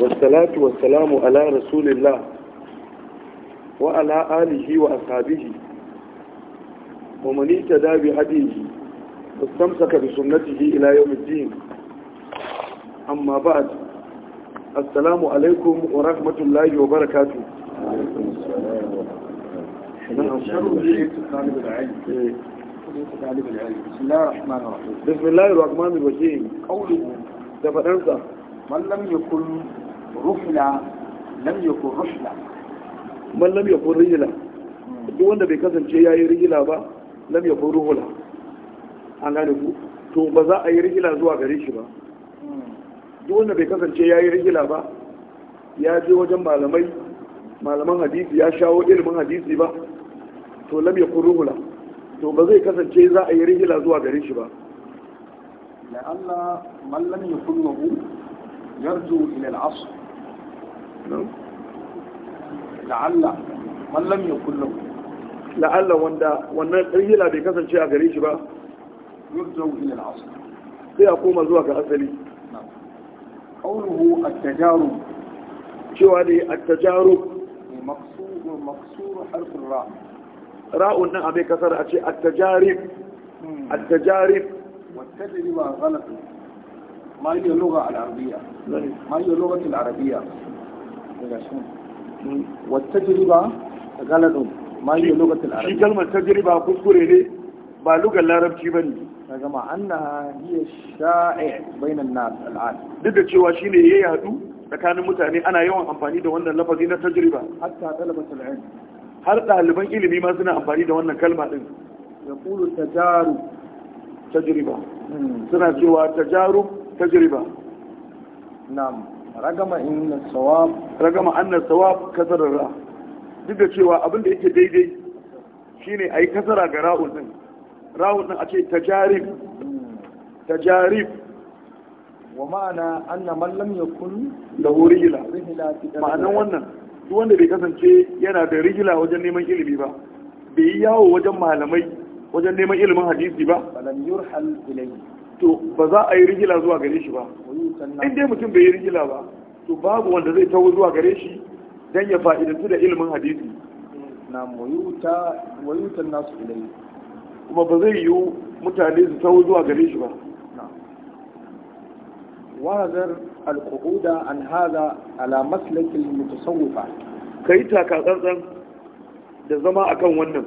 wasalatu wasalamu ala rasulillah wa ala alihi wa ashabihi wa man ittaba bi hadihi wastamsaka bi sunnatihi ila yawm ad-din amma ba'd assalamu alaikum wa rahmatullahi wa barakatuh rufla lam yakun rufla man lam yakun rijla duk wanda bai kasance yayi rijla ba lam yakun ruhula an gane ku to ba za a yi rijla zuwa gare shi ba duk wanda bai kasance yayi rijla ba ya je wajen malamai malaman hadisi ya shawo ilimin hadisi ba to lam yakun ruhula to ba zai kasance za a yi rijla zuwa gare shi ba la'alla man lam yakun ruhula يرجو إلى العصر لعل من لم يكن له لعل وندا wannan ƙaryila bai kasance a gare shi ba yurjau ila al-asl sai a koma zuwa ga asali qawluhu at-tajarub cewa dai at-tajarub maqsud maqsur harf ra ra'un nan a ce at-tajarib at ما هي اللغة العربية ما هي اللغة العربية والتجربة غلط ما هي اللغة العربية شي كلمة تجربة كسكري لي ba lugar larabci ba ne daga ma'anna hiya sha'i bainan na al'ad duk da cewa shi ne ya hadu tsakanin mutane ana yawan amfani da wannan lafazi na tajriba hatta talabatul ilm har ɗaliban ilimi ma suna amfani da wannan kalma din Kulu, tajaru tajriba suna cewa tajaru tajriba na'am ragama inna sawab ragama anna sawab kasara ra duk da cewa abin da yake daidai shine ayi kasara ga ra'un din ra'un din ake tajarib tajarib wa ma'ana anna man lam yakun lahu rihla ma'anan wannan duk wanda bai kasance yana da rihla wajen neman ilimi ba bai yi yawo wajen malamai wajen neman ilimin hadisi ba yurhal ilayhi to ba za a yi rigila zuwa gare shi ba in dai mutum bai yi rigila ba to babu wanda zai tawo zuwa gare shi dan ya fa'idantu da ilimin hadisi na wayuta wayutan nasu ilai kuma ba zai yi mutane su tawo zuwa gare shi ba wazar alquda an hada ala maslakil mutasawwifa kai taka tsantsan da zama akan wannan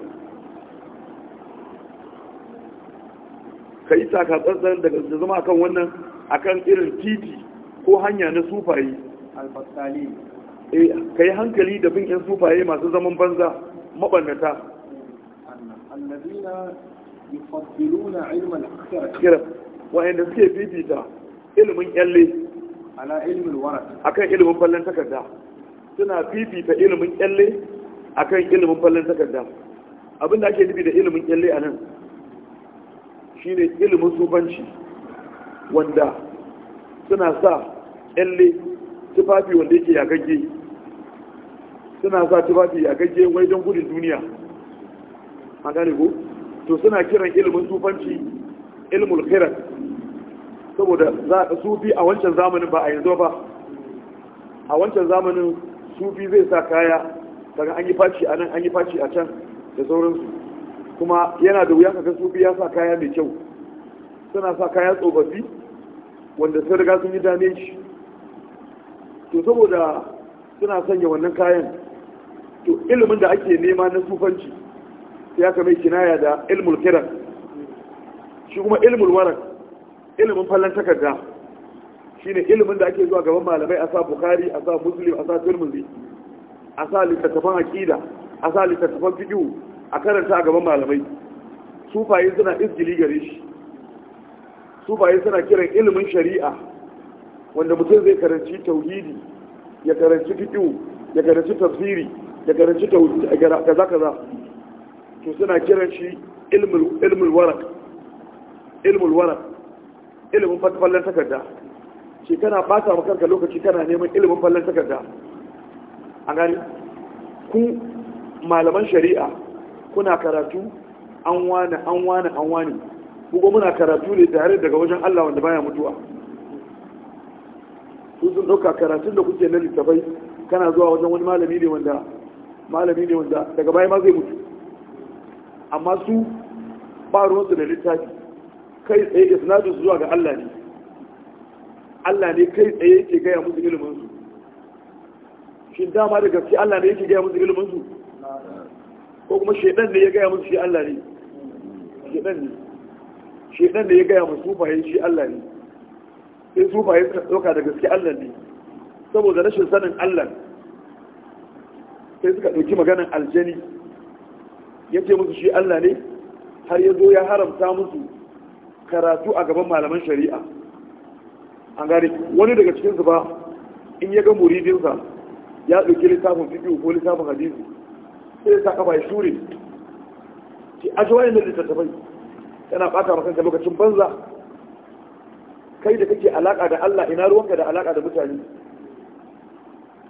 ka yi takatsantsan daga zama kan wannan akan irin titi ko hanya na sufaye albastali eh, ka yi hankali da bin yan sufaye masu zaman banza mabannata annabina wa'anda suke bibita ilimin yalle a kan akan ilimin fallon takarda suna fifita ilimin a akan ilimin fallon takarda abinda ake nufi da ilimin yalle a nan shine ilimin sufanci wanda suna sa ƴalle tufafi wanda yake yagagge suna sa tufafi yagagge wai don gudun duniya a gane ko to suna kiran ilimin sufanci ilimin khirat saboda za a sufi a wancan zamanin ba a yanzu ba a wancan zamanin sufi zai sa kaya daga an yi faci a nan an yi faci a can da sauransu kuma yana da wuya kaga sufi ya sa kaya mai kyau suna sa kaya tsofaffi wanda sun riga sun yi dame shi to saboda suna sanya wannan kayan to ilimin da ake nema na sufanci ya aka mai kinaya da ilmul kiran shi kuma ilmul warak ilimin fallon takarda shine ilimin da ake zuwa gaban malamai a sa bukari a sa muslim a sa Turmuzi, a sa littattafan aqida a sa littattafan fiqh a karanta a gaban malamai sufaye suna izgili gare shi sufaye suna kiran ilimin shari'a wanda mutum zai karanci tauhidi ya karanci fiƙiu ya karanci tafsiri ya karanci kaza kaza to suna kiran shi ilimin warak warak ilimin fallon takarda shi kana bata maka kanka lokaci kana neman ilimin fallon takarda a gani ku malaman shari'a kuna karatu an wani an wani an wani kuma muna karatu ne tare daga wajen Allah wanda baya mutuwa su sun dauka karatun da kuke na littafai kana zuwa wajen wani malami ne wanda malami ne wanda daga baya ma zai mutu amma su ba su da littafi kai tsaye da sanadin zuwa ga Allah ne Allah ne kai tsaye yake gaya musu ilimin su shin dama da gaske Allah ne yake gaya musu ilimin su ko kuma shaidan ne ya gaya musu shi Allah ne shaidan ne shaidan ne ya gaya musu sufaye shi Allah ne sai sufaye suka ɗauka da gaske Allah ne saboda rashin sanin Allah sai suka ɗauki maganan aljani ya ce musu shi Allah ne har ya zo ya haramta musu karatu a gaban malaman shari'a an gane wani daga cikinsu ba in ya ga muridinsa ya ɗauki littafin fiƙi ko littafin hadisi sai sa kafa ya shure ki aji wayan da littattafai kana bata maka kanka lokacin banza kai da kake alaka da Allah ina ruwanka da alaka da mutane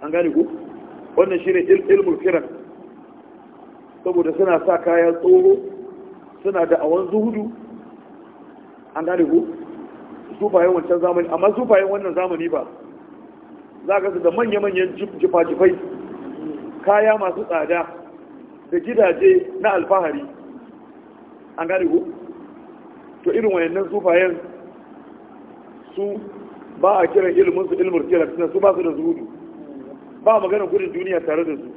an gane ku wannan shine ilmul kiran saboda suna sa kayan tsoro suna da awan zuhudu an gane ku sufayen wancan zamani amma sufayen wannan zamani ba za ka su da manya-manyan jifa-jifai kaya masu tsada da gidaje na alfahari an gari ku to irin wayannan sufayen su ba a kiran ilimin su ilimin kira suna su ba su da zuhudu ba magana gudun duniya tare da su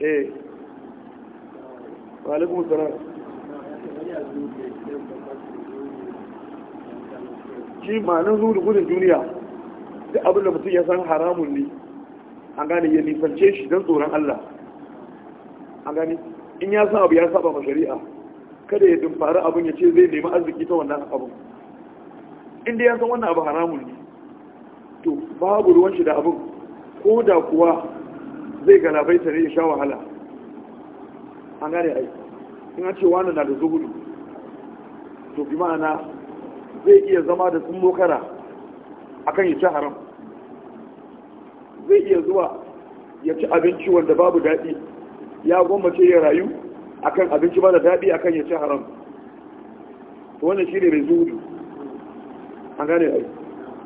eh wa alaikum salam shi ma'anin zuhudu gudun duniya duk abin da mutum ya san haramun ne an gane ya nisance shi don tsoron Allah a gani in ya san abu ya saba ma shari'a kada ya dumfari abin ya ce zai nemi arziki ta wannan abin in dai ya san wannan abu haramun ne to babu ruwan shi da abin ko da kuwa zai galabai tare ya sha wahala an gane ai in a ce wani na da zuhuri to bi ma'ana zai iya zama da sun mokara akan ya ci haram zai iya zuwa ya ci abinci wanda babu daɗi ya gwammace ya rayu akan abinci ba da daɗi akan ya ci haram to wannan shi ne mai zuhudu an gane ayi.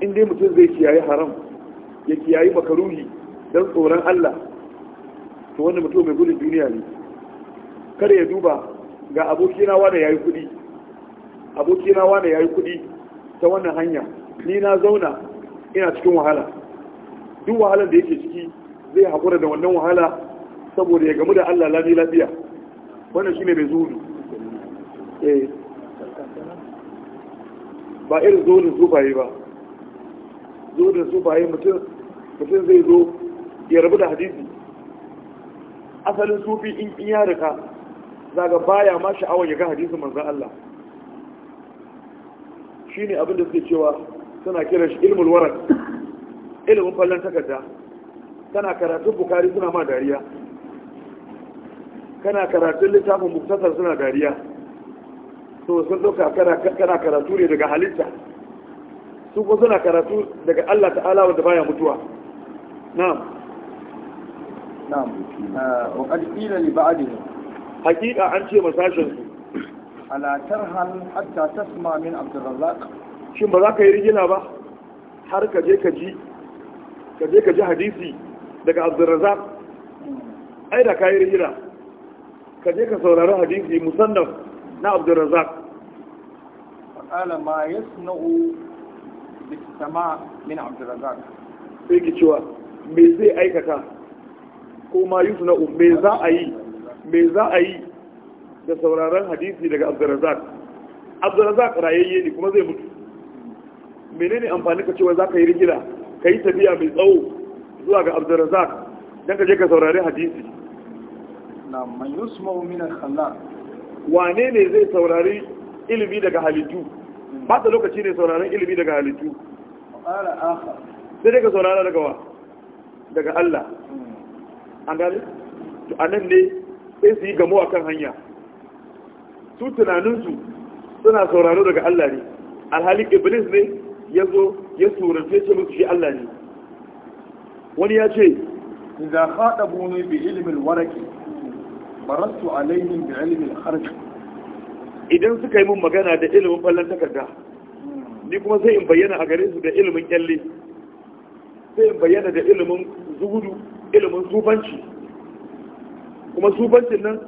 in dai mutum zai kiyaye haram ya kiyaye makaruhi don tsoron Allah to wannan mutum mai gudun duniya ne kada ya duba ga abokina wanda yi kuɗi abokina wanda yi kuɗi ta wannan hanya ni na zauna ina cikin wahala duk wahalar da yake ciki zai haƙura da wannan wahala saboda ya gamu da Allah lami lafiya wannan shine mai zuhudu eh ba irin zuhudin sufaye ba zuhudin sufaye mutum mutum zai zo ya rabu da hadisi asalin sufi in ya rika zaga baya ma sha'awar ya ga hadisi manzan Allah shi abin da suke cewa suna kira shi ilmul warar ilimin fallon takarda tana karatun bukari suna ma dariya kana karatun littafin muktasar suna dariya to sun dauka kana karatu ne daga halitta su ko suna karatu daga Allah ta'ala wanda baya mutuwa na'am na'am eh, wa qad qila li ba'dihi haqiqa an ce masashin su ala tarhan hatta tasma min abdurrazzaq shin ba za ka yi rigina ba har ka je ka ji ka je ka ji hadisi daga abdurrazzaq hmm. ai da ka yi rigina ka je ka saurari hadisi musannaf na abdurrazzaq qala ma yasna'u bisama min abdurrazzaq sai ki cewa me zai aikata ko ma yusna'u me za a yi me za a yi da sauraron hadisi daga abdurrazzaq abdurrazzaq rayayye ne kuma zai mutu menene amfani ka cewa za ka yi rigila ka yi tafiya mai tsawo zuwa ga abdurrazzaq don ka je ka saurari hadisi man wane ne zai saurari ilimi daga halittu hmm. ba ta lokaci ne sauraron ilimi daga halittu sai daga saurara daga wa daga Allah hmm. an gani? to anan ne sai su yi gamo a kan hanya su tunaninsu suna sauraro daga Allah ne alhali iblis ne ya zo ya surance ce musu shi Allah ne wani ya ce idan haɗa bunu bi ilimin waraki marattu alaihim bi ilmin kharq idan suka yi mun magana da ilimin ballan takarda ni kuma sai in bayyana a gare su da ilimin kyalle sai in bayyana da ilimin zuhudu ilimin sufanci kuma sufancin nan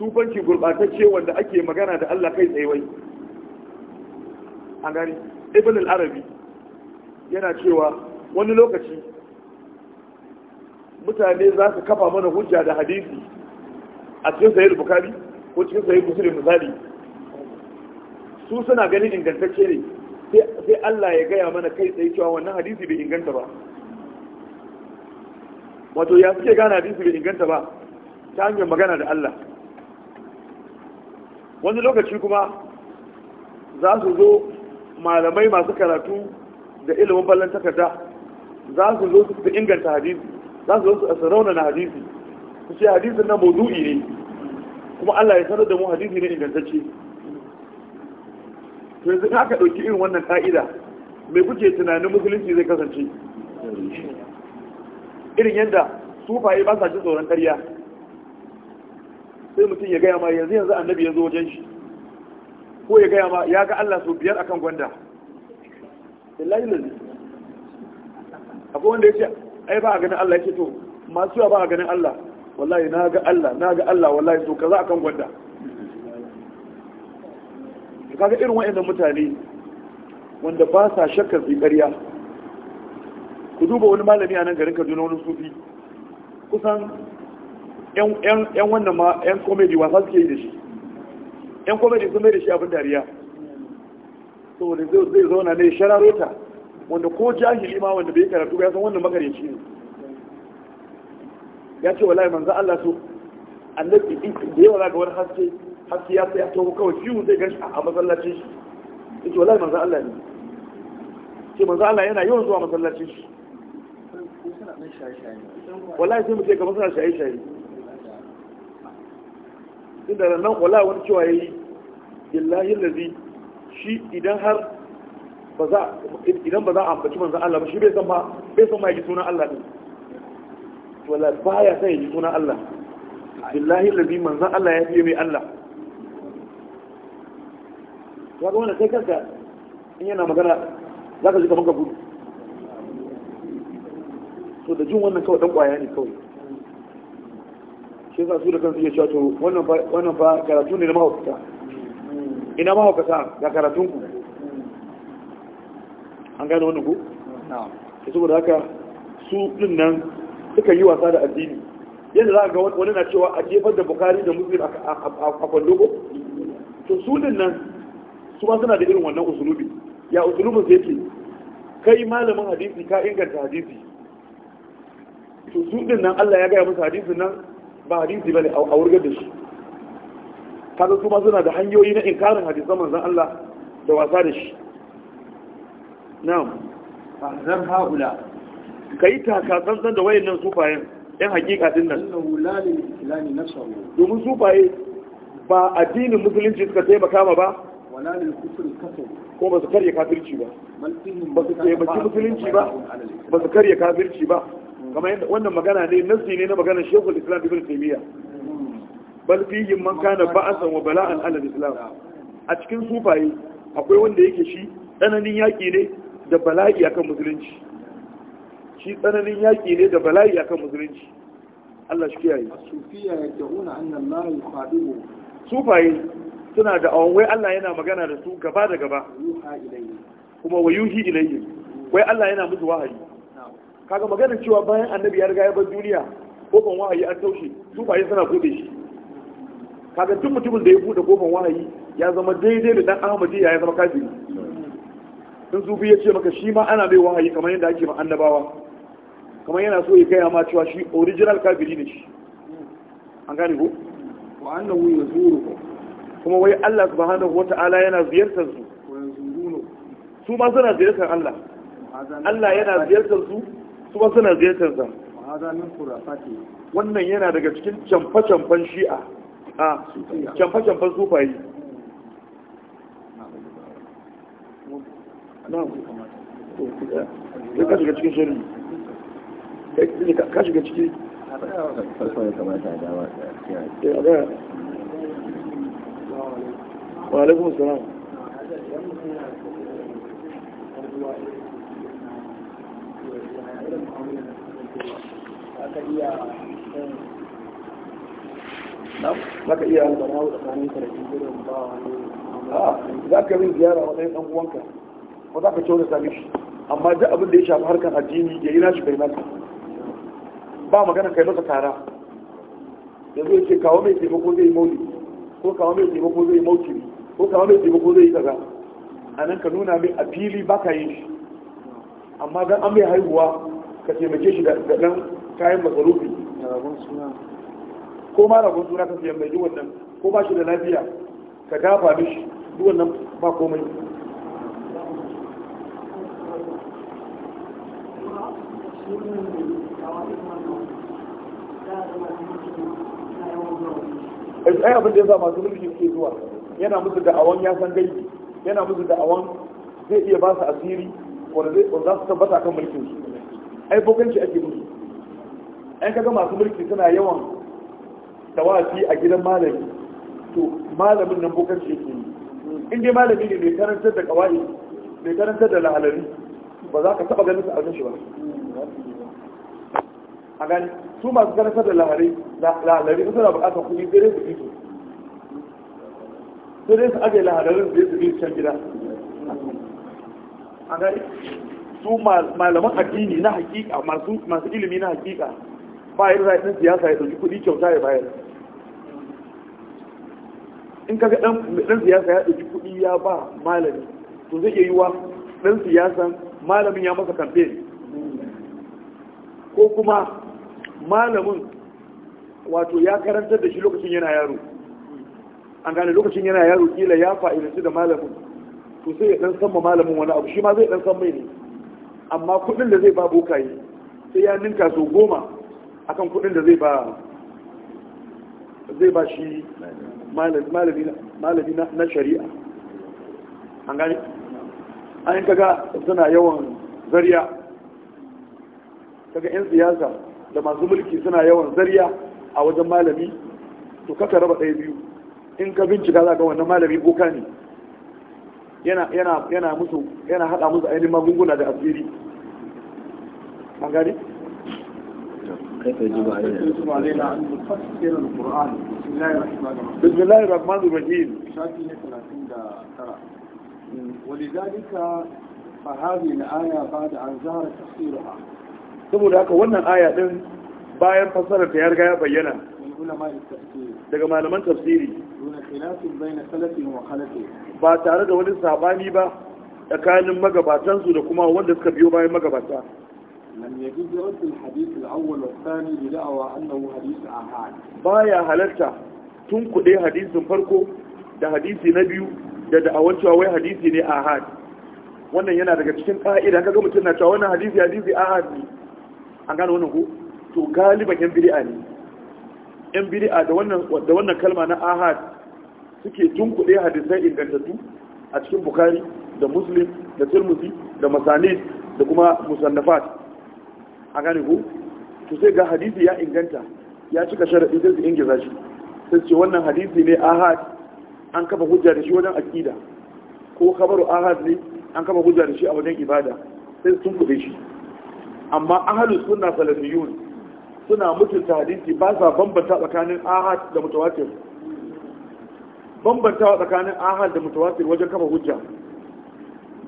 sufanci gurbatacce wanda ake magana da Allah kai tsaye wai A gani ibn al-arabi yana cewa wani lokaci mutane za su kafa mana hujja da hadisi a cikin sahih bukari ko cikin sahih muslim misali su suna ganin ingantacce ne sai Allah ya gaya mana kai tsaye cewa wannan hadisi bai inganta ba wato ya suke gane hadisi bai inganta ba ta hanyar magana da Allah wani lokaci kuma za su zo malamai masu karatu da ilimin ballon takarda za su zo su inganta hadisi za su zo su raunana hadisi ku ce hadisin na maudu'i ne kuma Allah ya sanar da mu hadisi ne ingantacce to yanzu ka ka ɗauki irin wannan ka'ida mai kuke tunanin musulunci zai kasance irin yadda sufaye ba sa ji tsoron ƙarya sai mutum ya gaya ma yanzu yanzu annabi ya zo wajen shi ko ya gaya ma ya ga Allah sau biyar akan gwanda illahi lalli akwai wanda ya ce ai ba a ganin Allah ya ce to masu yawa ba a ganin Allah wallahi na ga Allah na ga Allah wallahi to kaza akan gwada kaga irin waɗannan mutane wanda ba sa shakka su ƙarya ku duba wani malami a nan garin Kaduna wani sufi kusan yan wannan ma yan comedy wa suke yi da shi yan comedy sun mai da shi abin dariya saboda zai zauna ne shararota wanda ko jahili ma wanda bai karatu ba ya san wannan makareci ne ya ce wallahi manzo Allah so annabi da yawa ga wani haske haske ya tsaya to kawai fiyu zai gashi a masallacin shi yace wallahi manzo Allah ne ce manzo Allah yana yawan zuwa masallacin shi wallahi sai mu ce kamar suna shaye-shaye inda da nan wallahi wani cewa yayi billahi lazi shi idan har ba za idan ba za a ambaci manzo Allah ba shi bai san ba bai san ma sunan Allah ne wala baya sai yi suna Allah billahi lazi manzan Allah ya fiye mai Allah ya ga wanda kai kanka in yana magana za ka ji kamar ka gudu so da jin wannan kawai dan kwaya ne kawai shi yasa su da kansu ya cewa to wannan fa karatu ne na mahaukata ina mahaukata ga karatunku an gane wannan ku? na'am saboda haka su ɗin nan suka yi wasa da addini yadda za ga wani na cewa a jefar da bukari da muslim a kwallo to su din nan su ma suna da irin wannan usulubi ya usulubin sai ke kai malamin hadisi ka inganta hadisi to su nan Allah ya gaya musu hadisi nan ba hadisi bane a wurgar da shi kaga su ma suna da hanyoyi na inkarin hadisan manzan Allah da wasa da shi na'am fa'zar haula ka yi taka tsantsan da wayannan sufayen yan hakika din nan domin sufaye ba addinin musulunci suka taimaka ma ba ko ba su karya kafirci ba ba su taimaki musulunci ba ba su karya kafirci ba hmm. kamar wannan magana ne nasi ne na magana shekul islam ibn taimiyya hmm. bal fihim man kana ba'asan wa bala'an ala islam hmm. a cikin sufaye akwai wanda yake shi tsananin yaki ne da bala'i akan musulunci shi tsananin yaƙi ne da bala'i akan musulunci Allah shi kiyaye sufiya ya ta'una annallaha yuqadimu sufaye suna da wai Allah yana magana da su gaba da gaba kuma wayuhi ilayhi wai Allah yana musu wahayi kaga maganar cewa bayan annabi ya riga ya bar duniya kofan wahayi an taushe sufaye suna bude shi kaga duk mutumin da ya bude kofan wahayi ya zama daidai da dan Ahmadu ya zama kafiri in zubi ya ce maka shi ma ana mai wahayi kamar yadda ake ma annabawa kamar yana so ya kai ma cewa shi original kabiri ne shi an gane ko wa zuru ko kuma wai Allah subhanahu wata'ala yana ziyartar su su ma suna ziyartar Allah Allah yana ziyartar su su ma suna ziyartar sa wannan yana daga cikin camfa-camfan shi'a ah, a camfa-camfan sufayi na ku kamata cikin shirin ka shiga ciki wa alaikun salam maka iya za ka yi ziyara wa ɗan uwanka Ko za ka cewa da sami shi amma duk abin da ya shafi harkar addini ya yi nashi bai naka ba magana kai masa tara yanzu ya ce kawo mai taimako zai yi mauli ko kawo mai taimako zai yi ko kawo mai taimako zai yi kaza a nan ka nuna mai a fili ba ka yin shi amma don an mai haihuwa ka taimake shi da ɗan kayan masarufi ko ma ragon suna ka siyan mai duk wannan ko ba shi da lafiya ka gafa mishi duk wannan ba komai ai abin da ya sa masu mulki suke zuwa yana musu da'awan ya san gaibi yana musu da'awan zai iya ba su asiri wanda za su tabbata kan mulkin su ai bokanci ake musu ai kaga masu mulki suna yawan tawafi a gidan malami to malamin nan bokanci yake yi in dai malami ne mai karantar da kawai mai karantar da lahalari ba za ka taba ganin su a shi ba a gani su masu zartar da lahari lahari su bukatar kuɗi kudi dai su bi su sai su ake lahararin zai su bi su can gida a gani su malaman addini na hakika masu ilimi na hakika ba yin siyasa ya ɗauki kuɗi kyauta ya bayar in kaga ɗan siyasa ya ɗauki kuɗi ya ba malami to zai iya yiwa ɗan siyasan malamin ya masa kamfen ko kuma malamin wato ya karantar da shi lokacin yana yaro an gane lokacin yana yaro kila ya fa'idanci da malamin to sai ya dan sanma malamin wani abu shi ma zai dan san mai ne amma kudin da zai ba bokaye sai ya ninka so goma akan kudin da zai ba zai ba shi malami na shari'a an gane an kaga suna yawan zariya kaga 'yan siyasa da masu mulki suna yawan zariya a wajen malami to kaka raba ɗaya biyu in ka bincika za ga wannan malami ko ka ne yana musu yana hada musu ainihin magunguna da asiri an gani بسم الله الرحمن الرحيم ولذلك فهذه الآية بعد أن ظهر تفسيرها saboda haka wannan aya din bayan fassarar ta yarga ya bayyana daga malaman tafsiri ba tare da wani sabani ba tsakanin magabatansu da kuma wanda suka biyo bayan magabata لم يجوز رد الحديث الأول والثاني بدعوى أنه حديث أحاد tun هلتا hadisin farko da hadisi na biyu da ده دعوانتو أوي حديث ني أحاد wannan yana daga cikin ƙa'ida kaga mutum na cewa wannan hadisi hadisi ahad ne an gane wannan ko to galiban yan bid'a ne yan bid'a da wannan da wannan kalma na ahad suke tunkuɗe hadisai ingantattu a cikin bukhari da muslim da tirmidhi da masanid da kuma musannafat an gane ko to sai ga hadisi ya inganta ya cika sharadi sai su ingiza shi sai ce wannan hadisi ne ahad an kafa hujja da shi wajen aqida ko kabaru ahad ne an kafa hujja da shi a wajen ibada sai sun shi amma ahalus suna salafiyun suna mutunta hadisi ba sa bambanta tsakanin ahad da mutawatir bambantawa tsakanin ahad da mutawatir wajen kafa hujja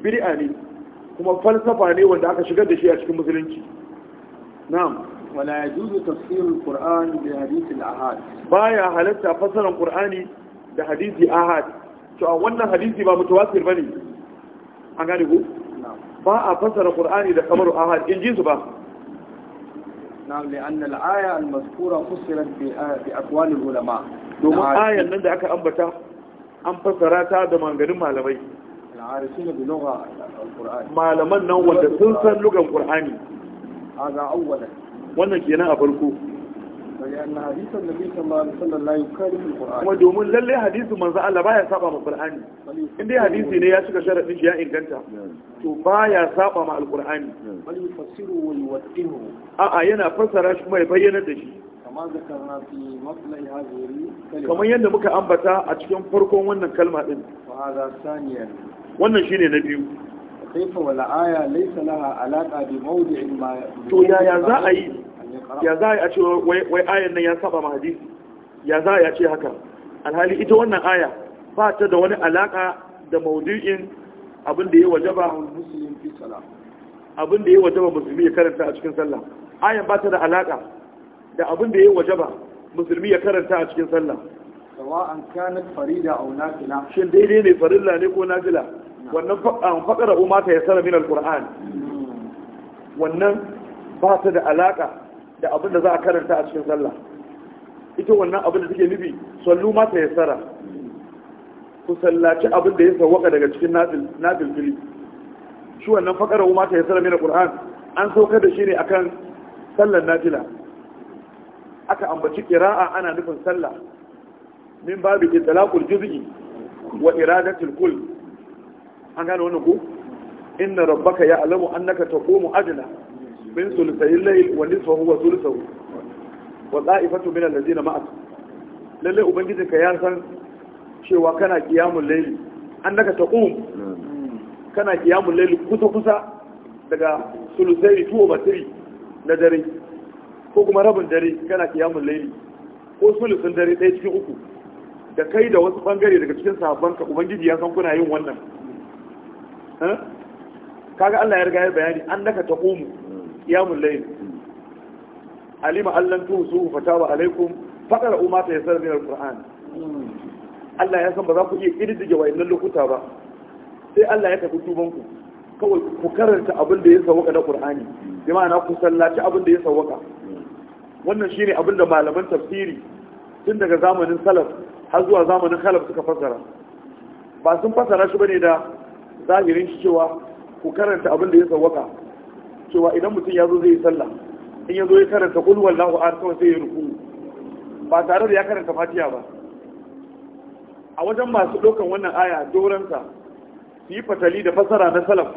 bid'a ne kuma falsafa ne wanda aka shigar da shi a cikin musulunci na'am wala yajuzu tafsirul qur'an bi hadithil ahad baya halatta fasaran qur'ani da hadisi ahad to a wannan hadisi ba mutawatir bane an gane ku ba a fassara ƙurani da kamaru ahad in ji su ba na'am li al-aya al-mazkura ah, bi aqwal al-ulama domin ayan nan da aka ambata an fassara ta da manganin malamai al bi lugha al malaman nan wanda sun san lugan qur'ani haza awwalan wannan kenan a farko kuma domin lallai hadisin manzo Allah baya saba ma Qur'ani in dai hadisi ne ya cika sharadin shi inganta to baya saba ma Al-Qur'ani yana fassara shi kuma ya bayyana da shi kamar yadda muka ambata a cikin farkon wannan kalma din wannan shine na biyu to yaya za a yi ya za a ce wai ayan nan ya saba ma hadisi ya za a ce haka alhali ita wannan aya ba ta da wani alaka da maudu'in abin da ya wajaba abin da ya wajaba musulmi ya karanta a cikin sallah ayan ba ta da alaka da abin da ya wajaba musulmi ya karanta a cikin sallah sawa'an kanat farida aw nafila shin daidai ne farilla ne ko nafila wannan faqara umma ta yasara min alquran hmm. wannan ba ta da alaka da abin da za a karanta a cikin sallah ita wannan abin da take nufi sallu ma ta yassara ku sallaci abin da ya sawwaka daga cikin nafil fili shi wannan fakara ma ta yassara mina qur'an an saukar da shi ne akan sallar nafila aka ambaci qira'a ana nufin sallah min babu itlaqul juz'i wa iradatul kull an gane wannan ku? inna rabbaka ya'lamu annaka taqumu adna من ثلثي الليل wa هو ثلثه sulusahu من الذين معك allazina ma'ak lalle ubangijin ka ya san cewa kana qiyamul layl annaka taqum kana qiyamul layl kusa kusa daga sulusai na dare ko kuma rabin dare kana kiyamun ko sulusun dare ɗaya cikin uku da kai da wasu bangare daga cikin ka ubangiji ya san kuna yin wannan kaga Allah ya riga ya bayani annaka taqumu qiyamul layl alima allan su fatawa alaikum faqara umma ta yasar min alquran Allah ya san ba za ku iya wa wayannan lokuta ba sai Allah ya tafi tuban ku kawai ku karanta abin da ya sawaka na qur'ani bi ma'ana ku sallaci abin da ya sawaka wannan shine abin da malaman tafsiri tun daga zamanin salaf har zuwa zamanin khalaf suka fassara ba sun fassara shi bane da zahirin shi cewa ku karanta abin da ya sawaka cewa idan mutum ya zo zai yi sallah in ya zo ya karanta kul wallahu a kawai sai ya ruku ba tare da ya karanta fatiya ba a wajen masu ɗaukan wannan aya doronsa, su yi fatali da fasara na salaf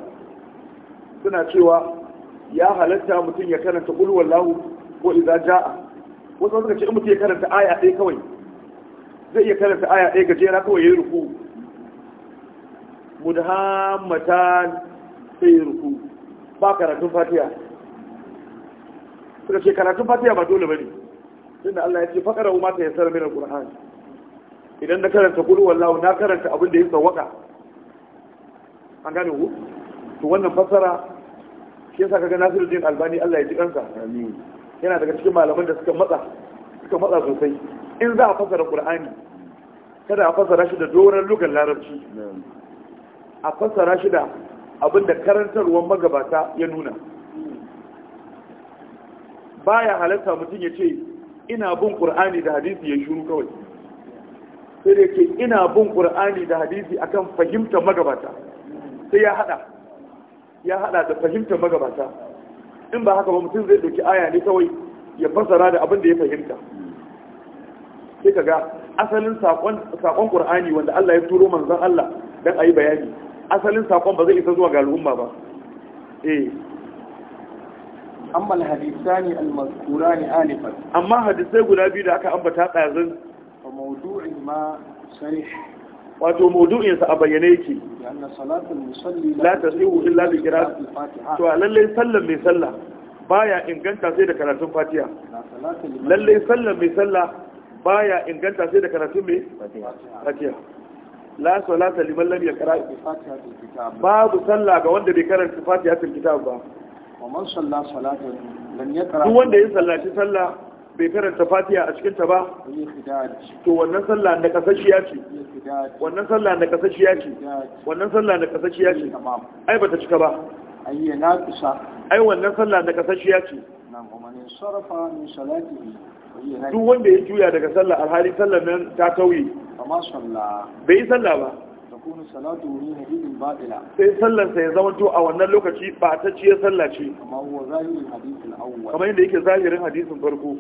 suna cewa ya halatta mutum ya karanta kul wallahu ko iza jaa wasu suka ce in mutum ya karanta aya ɗaya kawai zai iya karanta aya ɗaya gajera kawai ya yi ruku mudhammatan sai ya ruku ba karatun fatiya suka ce karatun fatiya ba dole ne. Inda Allah ya ce fakara umarta ya yasara min alquran idan na karanta kudu wallahu na karanta abin da ya sauwaka an gane ku to wannan fassara shi yasa kaga Nasiruddin Albani Allah ya ji kansa yana daga cikin malaman da suka matsa suka matsa sosai in za a fassara Qur'ani kada a fassara shi da doran lugar larabci a fassara shi da abinda karantarwar magabata ya nuna baya halatta mutum ya ce ina bin ƙur'ani da hadisi ya shuru kawai sai da ke ina bin ƙur'ani da hadisi akan fahimtar magabata sai ya hada ya hada da fahimtar magabata in ba haka ba mutum zai ɗauki aya ne kawai ya fasara da abin da ya fahimta sai ka ga asalin saƙon ƙur'ani wanda Allah ya turo manzan Allah don a yi bayani asalin sakon ba zai isa zuwa ga al'umma ba eh amma al al-mazkurani alifan amma hadisai guda biyu da aka ambata tsazin fa mawdu'in ma sarih wato mawdu'in sa a bayyane yake anna salatul musalli la tasihu illa bi qira'ati al-fatiha to lalle sallan mai salla baya inganta sai da karatun fatiha sallan mai sallah baya inganta sai da karatun mai fatiha la salata liman lam yaqra bi kitab babu sallah ga wanda bai karanta fatihatil kitab ba wa salla salatan lam yaqra duk wanda ya sallaci sallah bai karanta fatiha a cikin ta ba to wannan sallah na kasashiya ce wannan sallah na kasashiya ce wannan sallah na kasashiya ce ai bata cika ba ai na kusa ai wannan sallah na kasashiya ce nan kuma ne sarrafa min salatihi duk wanda ya juya daga sallah alhali sallar nan ta tauye ba yi bai salla ba takunu sai sallarsa ya zama a wannan lokaci ba ta ciye salla ce amma yake zahirin hadisin farko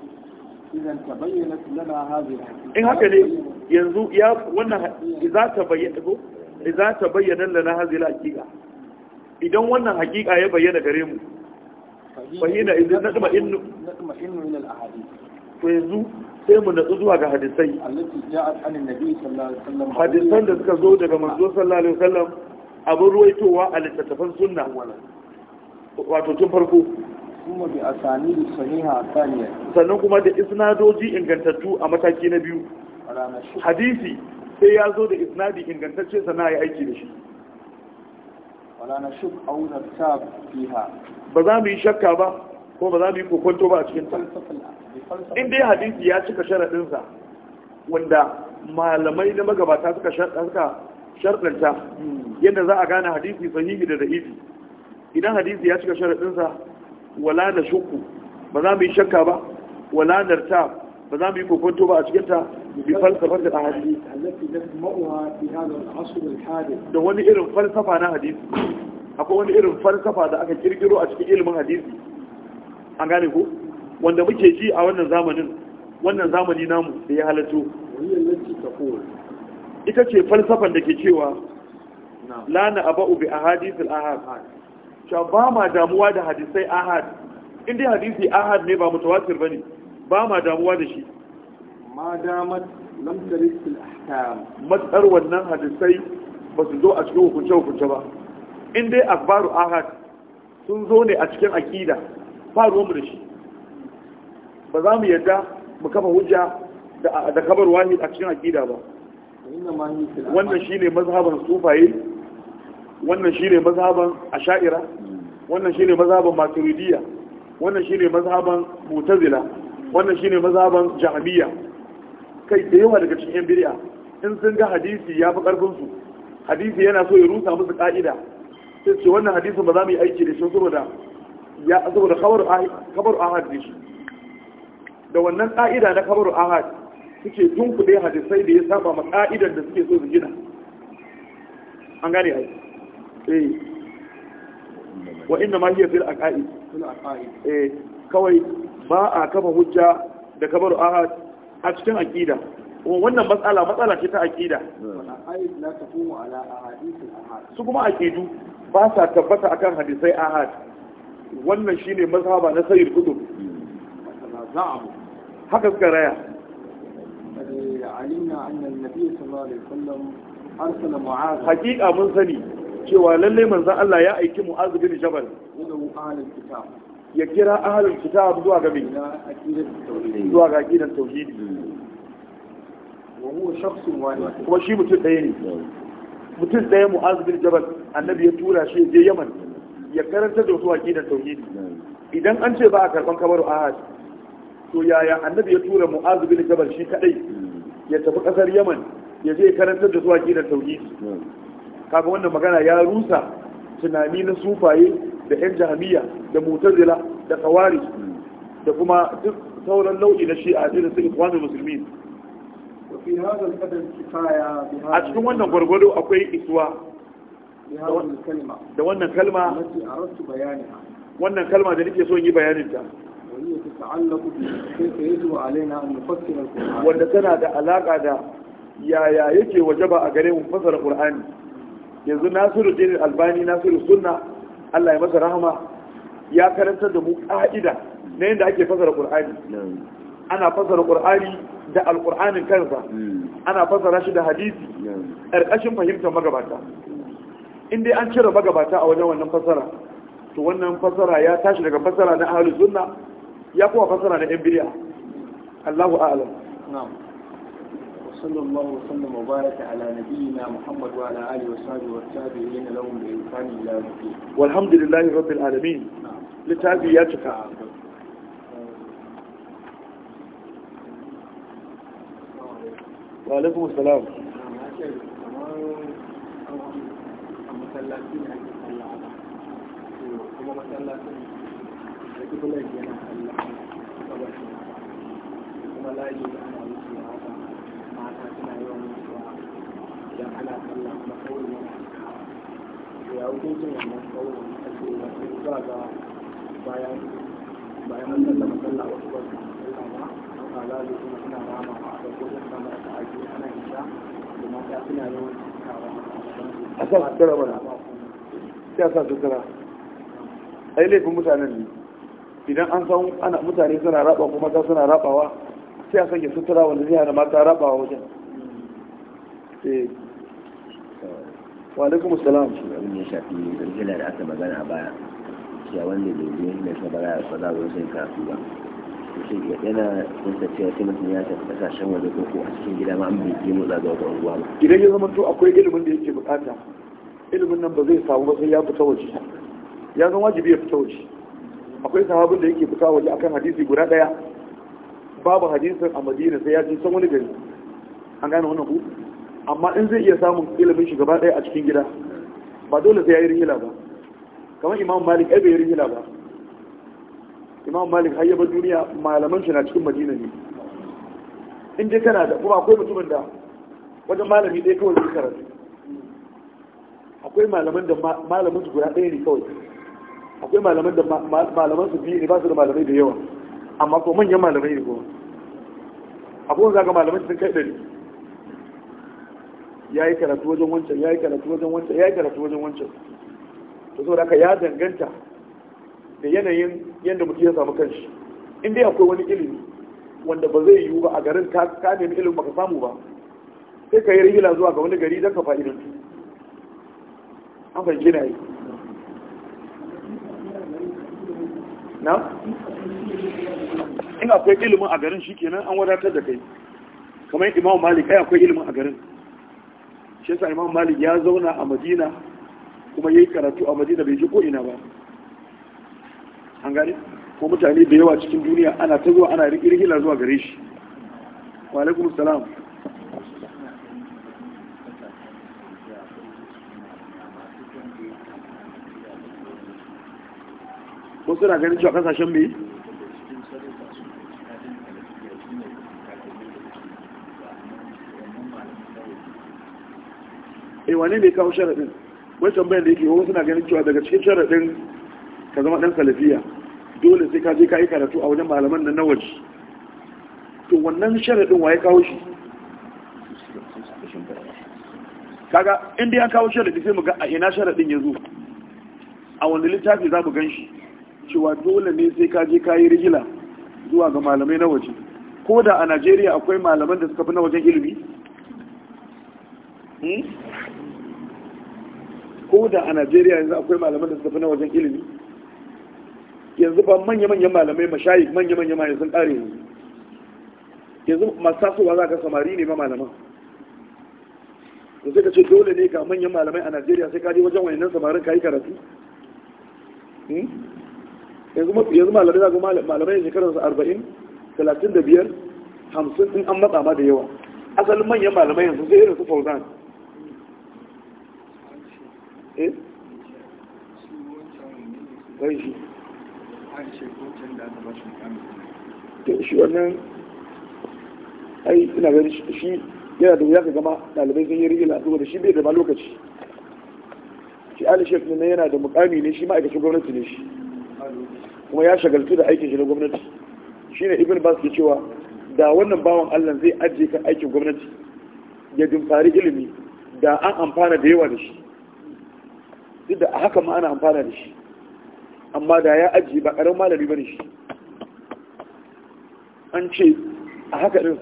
in haka ne yanzu ya wannan lana hadhihi al idan wannan haƙiƙa ya bayyana gare mu idan yanzu sai mu natsu zuwa ga hadisai hadisan da suka zo daga manzo sallallahu alaihi wasallam abin ruwaitowa a littattafan sunna wato tun farko kuma asani sahiha sannan kuma da isnadoji ingantattu a mataki na biyu hadisi sai ya zo da isnadi ingantacce sana ya aiki da shi wala fiha ba za mu yi shakka ba ko ba za mu yi kokonto ba a cikin ta in dai hadisi ya cika sharaɗinsa wanda malamai na magabata suka sharɗanta yadda za a gane hadisi sahihi da da'ifi idan hadisi ya cika sharaɗinsa wala na shukku ba za mu yi shakka ba wala narta ba za mu yi kokonto ba a cikin ta bi falsafar da hadisi da wani irin falsafa na hadisi akwai wani irin falsafa da aka kirkiro a cikin ilimin hadisi an gane ko wanda muke ji a wannan zamanin wannan zamani namu da ya halatto ita ce falsafan da ke cewa lana a ba'u bi hadisun ahad cewa ba ma damuwa da hadisai ahad inda dai hadisi ahad ne ba mutawatir ne ba ma damuwa da shi ma damar lam tarid fil matsar wannan hadisai ba su zo a cikin hukunce hukunce ba in dai akbaru ahad sun zo ne a cikin akida ba mu da shi ba za mu yadda mu kafa hujja da kabar wani a cikin akida ba wannan shi ne mazhaban sufaye wannan shi ne mazhaban asha'ira wannan shi ne mazhaban maturidiyya wannan shi ne mazhaban mutazila wannan shi ne mazhaban jami'a. kai da yawa daga cikin biriya. in sun ga hadisi ya fi karfinsu hadisi yana so ya rusa musu ka'ida sai ce wannan hadisin ba za mu yi aiki da shi saboda ya saboda kabaru ahad ne shi da wannan ƙa'ida na kabaru ahad suke tunkuɗe hadisai da ya saba ma ƙa'idan da suke so su gina an gane ai eh wa inna ma hiya fil aqaid fil aqaid eh kawai ba a kafa hujja da kabaru ahad a cikin aqida wannan matsala matsala ce ta aqida su kuma aqidu ba sa tabbata akan hadisai ahad wannan shine mazhaba na sayyid kutub haka suka raya haƙiƙa mun sani cewa lalle manzan Allah ya aiki mu'az bin jabal ya kira ahalul kitab zuwa ga bin zuwa ga aqidan tauhidi kuma shi mutum ɗaya ne mutum ɗaya mu'az bin jabal annabi ya tura shi je yaman ya karanta da wasu wakilin tauhidi idan an ce ba a karban kabaru ahad to yaya annabi ya tura mu'azu bin jabal shi kadai ya tafi kasar yaman ya je karanta da zuwa wakilin tauhidi kaga wannan magana ya rusa tunani na sufaye da yan jahamiya da mutazila da kawari da kuma duk sauran nau'i na shi a jirin su ikwanul musulmi a cikin wannan gwargwado akwai isuwa da wannan kalma wannan kalma da nake so yi bayanin ta wanda tana da alaka da yaya yake waje ba a gare mu fasara qur'ani yanzu nasiru din albani nasiru sunna Allah ya masa rahama ya karantar da mu ka'ida na yadda ake fasara qur'ani ana fasara qur'ani da alqur'anin kansa hmm. ana fasara shi da hadisi ƙarƙashin fahimtar magabata in dai an cire magabata a wajen wannan fasara to wannan fasara ya tashi daga fasara na ahlus sunna ya kuma fasara na yan bid'a Allahu a'lam na'am وصلى الله وسلم وبارك على نبينا محمد وعلى اله وصحبه والتابعين لهم بإحسان الى يوم الدين والحمد لله رب العالمين لتابعياتك وعليكم السلام masallaci ne ake sallah kuma masallacin da kibulan yana sallah gaba shi kuma layi da ana wucewa haka mata suna yawan wucewa idan ana sallah kuma kawai yana to ya hukuncin wannan kawai a ce ba sai zuwa ga bayan bayan mun sallah masalla wasu ba su sallah ba ba za su kuma suna rama ba da kodin kamar ta ake ana isha da mata suna yawan cikawa a sa sutura mana sai a sa sutura laifin mutanen ne idan an san ana mutane suna raba kuma ka suna rabawa sai a sanya sutura wanda zai hana mata rabawa wajen wa alaikum salam shi abin ya shafi dalila da aka magana a baya cewa wanda bai je ne sa ba za a fada wajen kafi ba yana da tafiya sai mutum ya tafi kasashen waje ko ko a cikin gida ma an bai je motsa ga wata unguwa ba idan ya zama to akwai ilimin da yake bukata ilimin nan ba zai samu ba sai ya fita waje ya zama wajibi ya fita waje akwai sahabin da yake fita waje akan hadisi guda daya babu hadisin a madina sai ya je san wani gari an gane wannan ku amma in zai iya samun ilimin shi gaba daya a cikin gida ba dole sai ya yi rihila ba kamar imam malik ai bai yi rihila ba imam malik har yaba duniya malaman shi na cikin madina ne in dai kana da kuma akwai mutumin da wajen malami ɗaya kawai zai karatu akwai malaman da malaman su guda ɗaya ne kawai akwai malaman da malaman su biyu ne ba su da malamai da yawa amma ko manyan malamai ne kuma akwai wanda ga malaman sun kai ɗari ya yi karatu wajen wancan ya yi karatu wajen wancan ya yi karatu wajen wancan to saboda haka ya danganta da yanayin yadda mutum ya samu kanshi in dai akwai wani ilimi wanda ba zai yiwu ba a garin ka ka nemi ilimin baka samu ba sai ka yi rigila zuwa ga wani gari don ka su an fahimci na yi na? in akwai ilimin a garin shi kenan an wadatar da kai kamar imam malik ai akwai ilimin a garin shi yasa imam malik ya zauna a madina kuma ya yi karatu a madina bai ji ko ina ba an gane ko mutane da yawa cikin duniya ana ta zuwa ana rigila zuwa gare shi wa alaikum salam wasu suna ganin cewa kasashen mai e eh, wane ne kawo sharaɗin wai tambayar da yake wasu na ganin cewa daga cikin sharaɗin ka zama ɗan salafiya dole sai ka je ka yi karatu a wajen malaman nan na waje to wannan sharaɗin waye kawo shi kaga inda ya kawo sharaɗi sai mu ga a ina sharaɗin ya zo a wani littafi za mu gan shi cewa dole ne sai ka je ka yi rigila zuwa ga malamai na waje ko da a najeriya akwai malaman da suka fi na wajen ilimi hmm? ko da a najeriya yanzu akwai malaman da suka fi na wajen ilimi yanzu ba manya-manyan malamai mashayi manya-manya ma yanzu ƙare yanzu yanzu masu tasowa za ka samari ne ma malaman da sai ka ce dole ne ga manyan malamai a najeriya sai ka je wajen nan samarin ka yi karatu hmm? yanzu malamai za ka malamai shekarar su arba'in talatin da biyar hamsin in an matsa ma da yawa asalin manyan malamai yanzu sai irin su fauzan eh? to shi wannan ai ina ganin shi yana da wuya ka gama ɗalibai sun yi rigila saboda shi bai da ma lokaci shi ali shek ne yana da mukami ne shi ma'aikacin gwamnati ne shi kuma ya shagaltu da aikin shi na gwamnati shine ibn bas ke cewa da wannan bawan allah zai ajiye kan aikin gwamnati ya dimfari ilimi da an amfana da yawa da shi duk da haka ma ana amfana da shi amma da ya ajiye ba ƙarar malami ba ne shi an ce a haka ɗin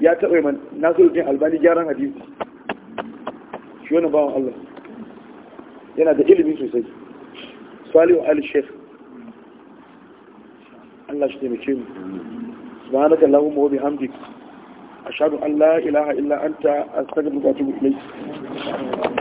ya taɓa yi nasiruddin albani gyaran hadisi shi wani bawan allah yana da ilimi sosai salihu al-sheikh allah shi taimake mu subhanaka allahumma wa bihamdik ashhadu an la ilaha illa anta astaghfiruka wa atubu ilayk